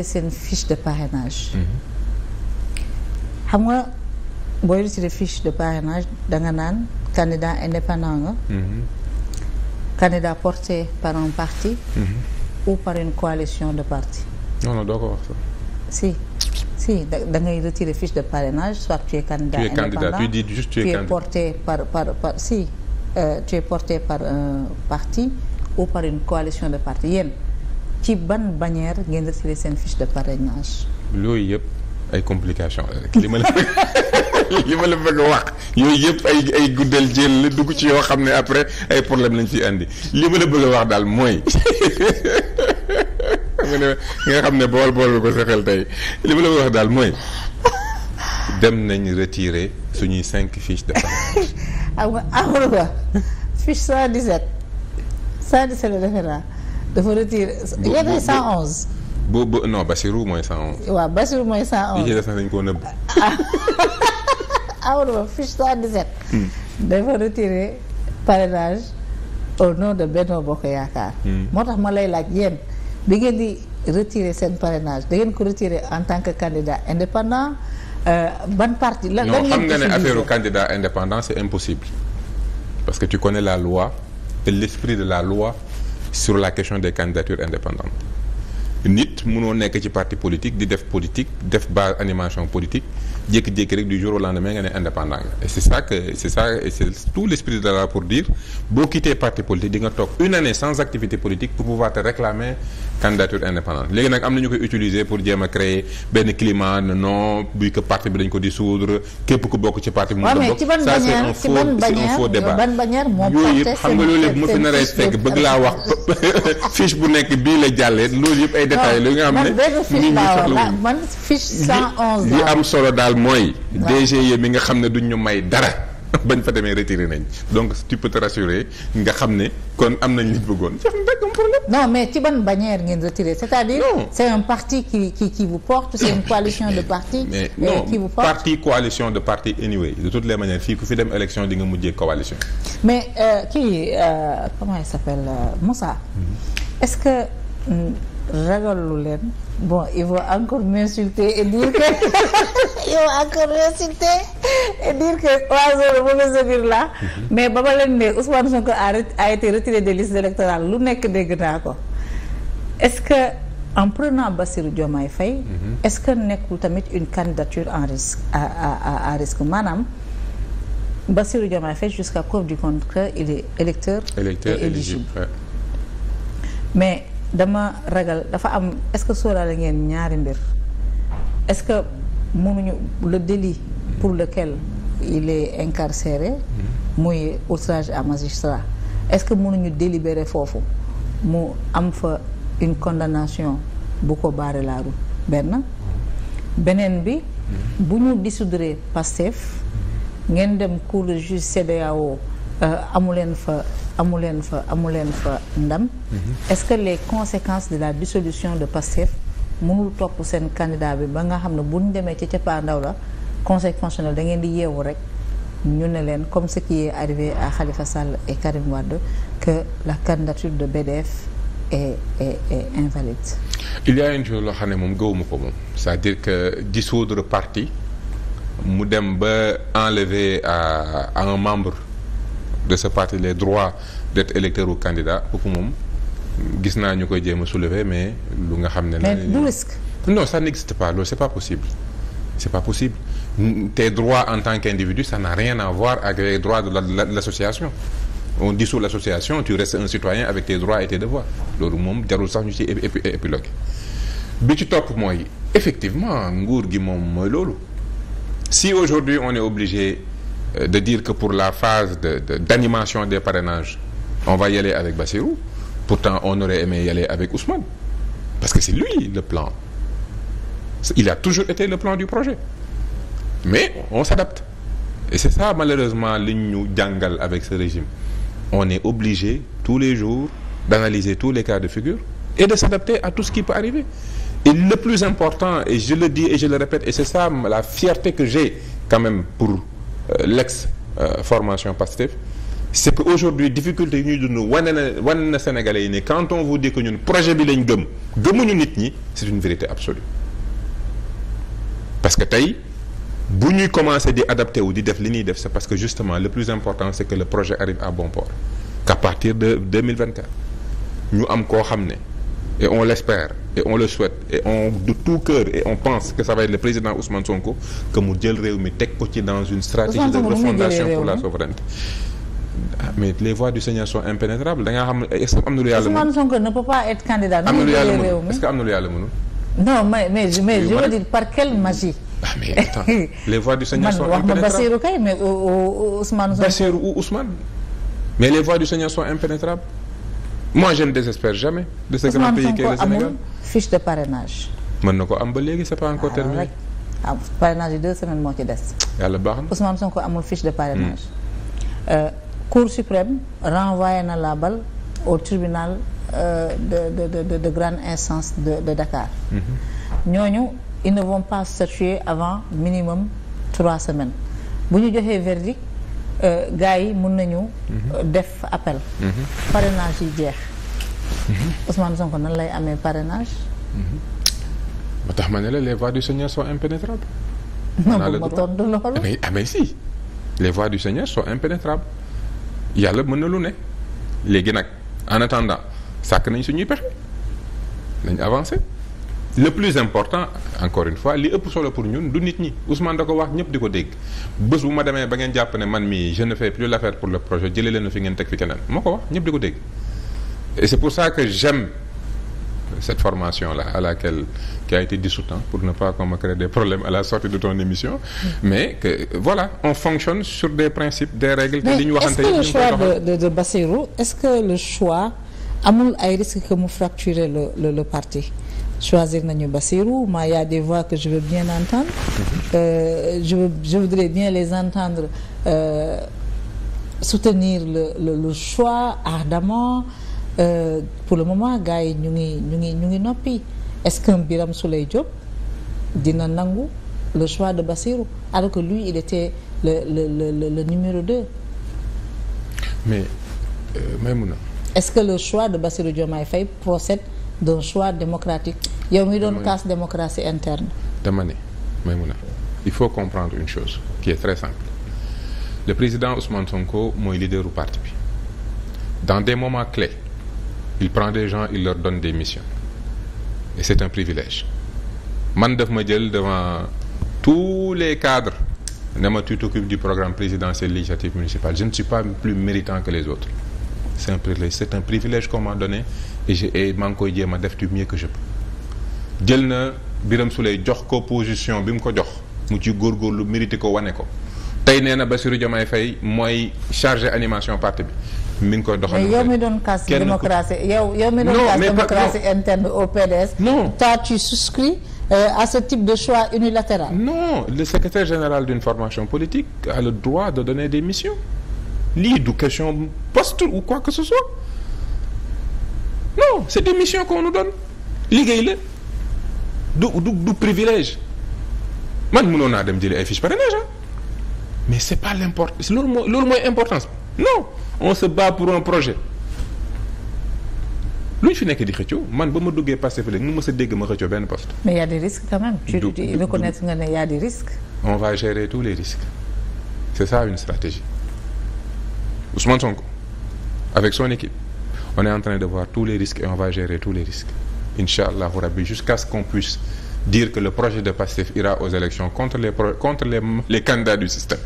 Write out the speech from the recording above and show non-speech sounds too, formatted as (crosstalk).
respecter seen fiche de parrainage. xam nga booy retiré fiche de parrainage danga naan candidat indépendant nga. candidat porté par un parti. ou par une coalition de partis. non non doo ko wax si si da ngay fiche de parrainage soit tu es candidat indépendant tu es, porté par par par si euh, tu es porté par un parti ou par une coalition de parti yéen. ci ban bannière ngeen retiré seen fiche de parrainage. loolu yëpp ay complications li ma la li ma la bëgg (laughs) wax yooyu yëpp ay ay guddal jël la dugg ci yoo xam ne après ay problème lañ fi indi li ma la bëgg a wax daal mooy (laughs) nga nga xam ne bool bool ko sa tey li ma la bëgg a wax daal mooy dem nañ retirer suñuy cinq fiches de parrainage. ah (laughs) waaw fiche 117 117 la defe naa dafa retiré il y avait 111. boo boo non Bassirou mooy 111. waaw Bassirou mooy 111 li ci koo nëbb. Ah, (laughs) Amadou Ba fiche 77. Hmm. dafa retiré parrainage au nom de Benno Bokk Yaakaar. Hmm. moo tax ma lay laaj yéen bi ngeen di retirer seen parrainage da ngeen ko retirer en tant que candidat indépendant euh, ban parti. lan lan ngeen xam nga ne affaire candidat indépendant c'est impossible parce que tu connais la loi te l'esprit de la loi. sur la question des candidatures indépendantes nit munoo nekk ci parti politique di def politique def base animation politique jékki-jékki rek du jour au lendemain nga ne indépendant nga et c'est ça que c'est ça et c'est tout l'esprit de la pour dire boo quittee parti politique di nga toog une année sans activité politique pour pouvoir te réclamer candidature indépendante léegi nag am na ñu koy utiliser pour jéem a créer benn climat non buy que parti bi dañ ko dissoudre képp ku bokk ci parti bi. waaw mais ci ban bannière ci ban bannière ban bannière (laughs) détails la nga xam ne ah, man fiche 111 li am solo daal mooy DGE mi nga xam ne duñ ñu may dara (laughs) bañ fa demee retiré nañ donc tu peux te rassurer nga xam ne kon am nañ liñ bëggoon jeex na mais ci ban bannière ngeen retiré c'est-à-dire c'est un parti qui qui qui vous porte c'est une coalition de (coughs) partis euh, qui vous porte parti coalition de partis anyway de toutes les manières fii ku fi dem élection di nga mujjee coalition mais euh, kii euh, comment il s'appelle Moussa mm-hmm. est-ce que hmm, ragalu leen bon il va encore m'insulter et dire que (laughs) il va encore m'insulter et dire que oiseau la mauvaise augure là mais ba ma leen ne Ousmane Sonko a été retiré des listes électorales lu nekk dégg naa ko est-ce que en prenant Bassirou Diomaye Faye mhm. est-ce que nekkul tamit une candidature en risque à à à risque maanaam Bassirou Diomaye Faye jusqu'à preuve du contraire il est électeur électeur éligible mais dama ragal dafa am est-ce que la ngeen ñaari mbir est-ce que mënuñu le délit pour lequel il est incarcéré mm-hmm. muy outrage à magistrat est-ce que mënuñu délibéré foofu mu am fa une condamnation bu ko barrer la benn beneen bi mm-hmm. bu ñu dissoudre Pastef ngeen dem cour de justice CEDEAO euh, amuleen fa amu leen fa amu leen fa ndam. Mhm. est-ce que les conséquences de la dissolution de PASTEF mënul topp seen candidat bi ba nga xam ne bu ñu demee ci cappaandaw la conseil constitutionnel da ngeen di yeewu rek ñu ne leen comme ce qui est arrivé à Khalifa Sall et Karim Wade que la candidature de BDF est est invalide. il y a loo xam ne moom gëwuma ko moom c'est-à-dire que dissoudre parti mu dem ba enlever à, à un membre. de ce parti les droits d'être électeur ou candidat kooku moom gis naa ñu koy jéem a soulever mais lu nga xam ne. mais du risque. non ça n'existe pas loolu c'est pas possible c'est pas possible tes droits en tan qu'individu ça n'a rien à voir avec les droits de la de l'association. on dissout l'association tu restes un citoyen avec tes droits et tes devoirs loolu moom jarul sax ñu ci épilogue bi ci topp mooy effectivement nguur gi moom mooy loolu si aujourd'hui on est obligé Euh, de dire que pour la phase de, d'animation des parrainages on va y aller avec Bassirou pourtant on aurait aimé y aller avec Ousmane parce que c'est lui le plan il a toujours été le plan du projet mais on s'adapte et c'est ça malheureusement li ñu jàngal avec ce régime on est obligé tous les jours d'analyser tous les cas de figure et de s'adapter à tout ce qui peut arriver et le plus important et je le dis et je le répète et c'est ça la fierté que j'ai quand même pour Euh, l'ex formation Pastef c'est que aujourd'hui difficulté yi ñuy dund wane na wane na sénégalais yi ni quand on vous dit que ñun projet bi lañ gëm gëmuñu nit ñi c'est une vérité absolue parce que tey bu ñuy commencer di adapté wu di def li ñuy def c'est parce que justement le plus important c'est que le projet arrive à bon port qu'à partir de 2024 ñu am koo xam ne et on l'espère et on le souhaite et on de tout cœur et on pense que ça va être le président Ousmane Sonko que mu jël réew mi teg ko dans une stratégie de refondation pour la souveraineté ah, mais les voies du Seigneur sont impénétrables da ngaa xam est-ce que non mais mais je mais par quelle magie ah mais attends (laughs) les voies du Seigneur du Seigneur sont impénétrables moi je ne désespère jamais. de ce grand pays qu'est le fiche de parrainage. mën na ko am ba léegi c'est pas encore ah, terminé. rek ah, parrainage yi deux semaines moo ci des. yàlla baax na Ousmane Sonko amul fiche de parrainage. Hmm. Euh, Cour suprême renvoyé na la balle au tribunal euh, de de de de grande instance de de Dakar. Hmm. ñooñu ils ne vont pas statuer avant minimum trois semaines bu ñu joxee verdict Euh, gars yi mun nañu. Mhm. Euh, def appel. Mhm. parrainage yi jeex. Mhm. Ousmane Sonko nan lay amee parrainage. ba tax ma ne la les voies du Seigneur sont impénétrables. (laughs) non bu ma tontu loolu ah, mais ah, mais si les voies du Seigneur sont impénétrables yàlla mën na lu ne léegi nag en attendant sàkk nañ suñuy pexe nañ avancé. le plus important encore une fois li ëpp solo pour ñun du nit ñi Ousmane da wax ñëpp di ko dégg bés bu ma demee ba ngeen jàpp man mi je ne fais plus l'affaire pour le projet jëlee leen fi ngeen teg fi keneen moo ko wax ñëpp di ko dégg et c'est pour ça que j'aime cette formation là à laquelle qui a été dissoute pour ne pas qu'on me crée des problèmes à la sortie de ton émission mm. mais que voilà on fonctionne sur des principes des règles te li ñu choisir nañu Bassirou moi y a des voix que je veux bien entendre mhm. euh, je bien les entendre euh, soutenir le, le le choix ardemment euh, pour le moment gars yi ñu ngi ñu ngi ñu ngi noppi est-ce qu'un Birame Souleye Diop dina nangu le choix de Bassirou alors que lui il était le le le numéro deux. mais euh, Maïmouna. est-ce que le choix de Bassirou Diomaye Faye procède d'un choix démocratique yow mi doon casse démocratie interne dama ne Maïmouna il faut comprendre une chose qui est très simple le président Ousmane Sonko mooy leader du parti dans des moments clés il prend des gens il leur donne des missions et c'est un privilège man daf ma jël devant tous les cadres ne ma tu t'occupes du programme présidentiel législatif municipal je ne suis pas plus méritant que les autres c'est un privilège qu'on m'a et je et maa ngi koy jéem a def du mieux que je peux jël na Birame Souleye jox ko position bi mu ko jox mu ci góorgóorlu mérité ko wane ko tey nee na Bassirou Diomaye Faye mooy chargé animation parti bi mi ngi koy doxal. yow mi doon casse démocratie yow yow mi doon casse démocratie interne au PDS. non toi tu souscris euh, à ce type de choix unilatéral. non le secrétaire général d'une formation politique a le droit de donner des missions lii du question poste ou quoi que ce soit. non c'est des missions qu'on nous donne liggéey la du du du privilège man mënoon naa dem jëli ay fiche parrainage ah mais c'est l l'importance loolu mooy loolu mooy importance non on se ba pour un projet lu ñu fi nekk di xëccoo man ba ma duggee passé fële nu ma sa dégg ma xëccoo benn poste. mais y a des risques quand même. tu tu reconnaître nga ne y a des risques. on va gérer tous les risques c'est ça une stratégie Ousmane Sonko avec son équipe. on est en train de voir tous les risques et on va gérer tous les risques incha allahu rabbi jusqu'à ce qu'on puisse dire que le projet de PASTEF ira aux élections contre les contre les les candidats du système